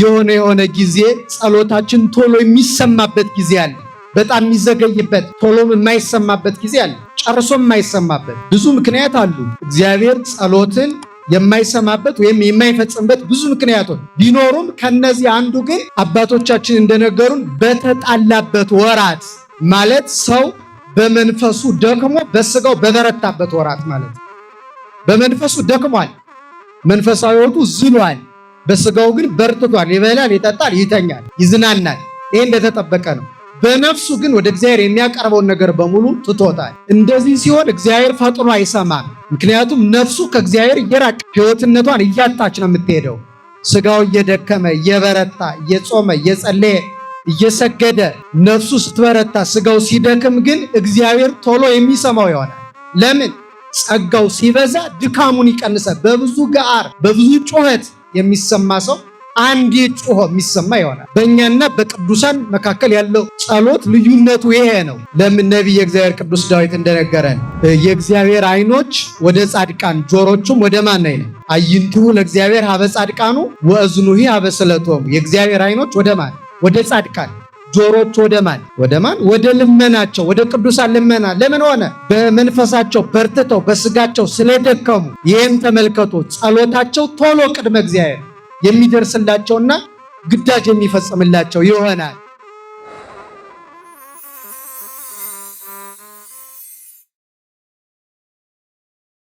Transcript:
የሆነ የሆነ ጊዜ ጸሎታችን ቶሎ የሚሰማበት ጊዜ አለ። በጣም የሚዘገይበት ቶሎ የማይሰማበት ጊዜ አለ። ጨርሶ የማይሰማበት ብዙ ምክንያት አሉ። እግዚአብሔር ጸሎትን የማይሰማበት ወይም የማይፈጽምበት ብዙ ምክንያቶች ቢኖሩም ከነዚህ አንዱ ግን አባቶቻችን እንደነገሩን በተጣላበት ወራት ማለት ሰው በመንፈሱ ደክሞ በስጋው በበረታበት ወራት ማለት በመንፈሱ ደክሟል። መንፈሳዊ ሕይወቱ ዝሏል። በስጋው ግን በርትቷል። ይበላል፣ ይጠጣል፣ ይተኛል፣ ይዝናናል። ይሄ እንደተጠበቀ ነው። በነፍሱ ግን ወደ እግዚአብሔር የሚያቀርበውን ነገር በሙሉ ትቶታል። እንደዚህ ሲሆን እግዚአብሔር ፈጥኖ አይሰማም። ምክንያቱም ነፍሱ ከእግዚአብሔር እየራቅ ሕይወትነቷን እያጣች ነው የምትሄደው። ስጋው እየደከመ እየበረታ እየጾመ እየጸለየ እየሰገደ ነፍሱ ስትበረታ ስጋው ሲደክም ግን እግዚአብሔር ቶሎ የሚሰማው ይሆናል። ለምን? ጸጋው ሲበዛ ድካሙን ይቀንሰ በብዙ ጋር በብዙ ጩኸት የሚሰማ ሰው አንዴ ጮሆ የሚሰማ ይሆናል። በእኛና በቅዱሳን መካከል ያለው ጸሎት ልዩነቱ ይሄ ነው። ለምን ነቢየ የእግዚአብሔር ቅዱስ ዳዊት እንደነገረን የእግዚአብሔር ዓይኖች ወደ ጻድቃን ጆሮቹም ወደ ማን ነው? አዕይንቲሁ ለእግዚአብሔር ሀበ ጻድቃኑ ወእዝኑሂ ሀበ ስእለቶሙ። የእግዚአብሔር ዓይኖች ወደ ማን? ወደ ጻድቃን ጆሮች ወደ ማን ወደ ማን ወደ ልመናቸው ወደ ቅዱሳን ልመና ለምን ሆነ? በመንፈሳቸው በርትተው በስጋቸው ስለደከሙ። ይህም ተመልከቶ ጸሎታቸው ቶሎ ቅድመ እግዚአብሔር የሚደርስላቸውና ግዳጅ የሚፈጽምላቸው ይሆናል።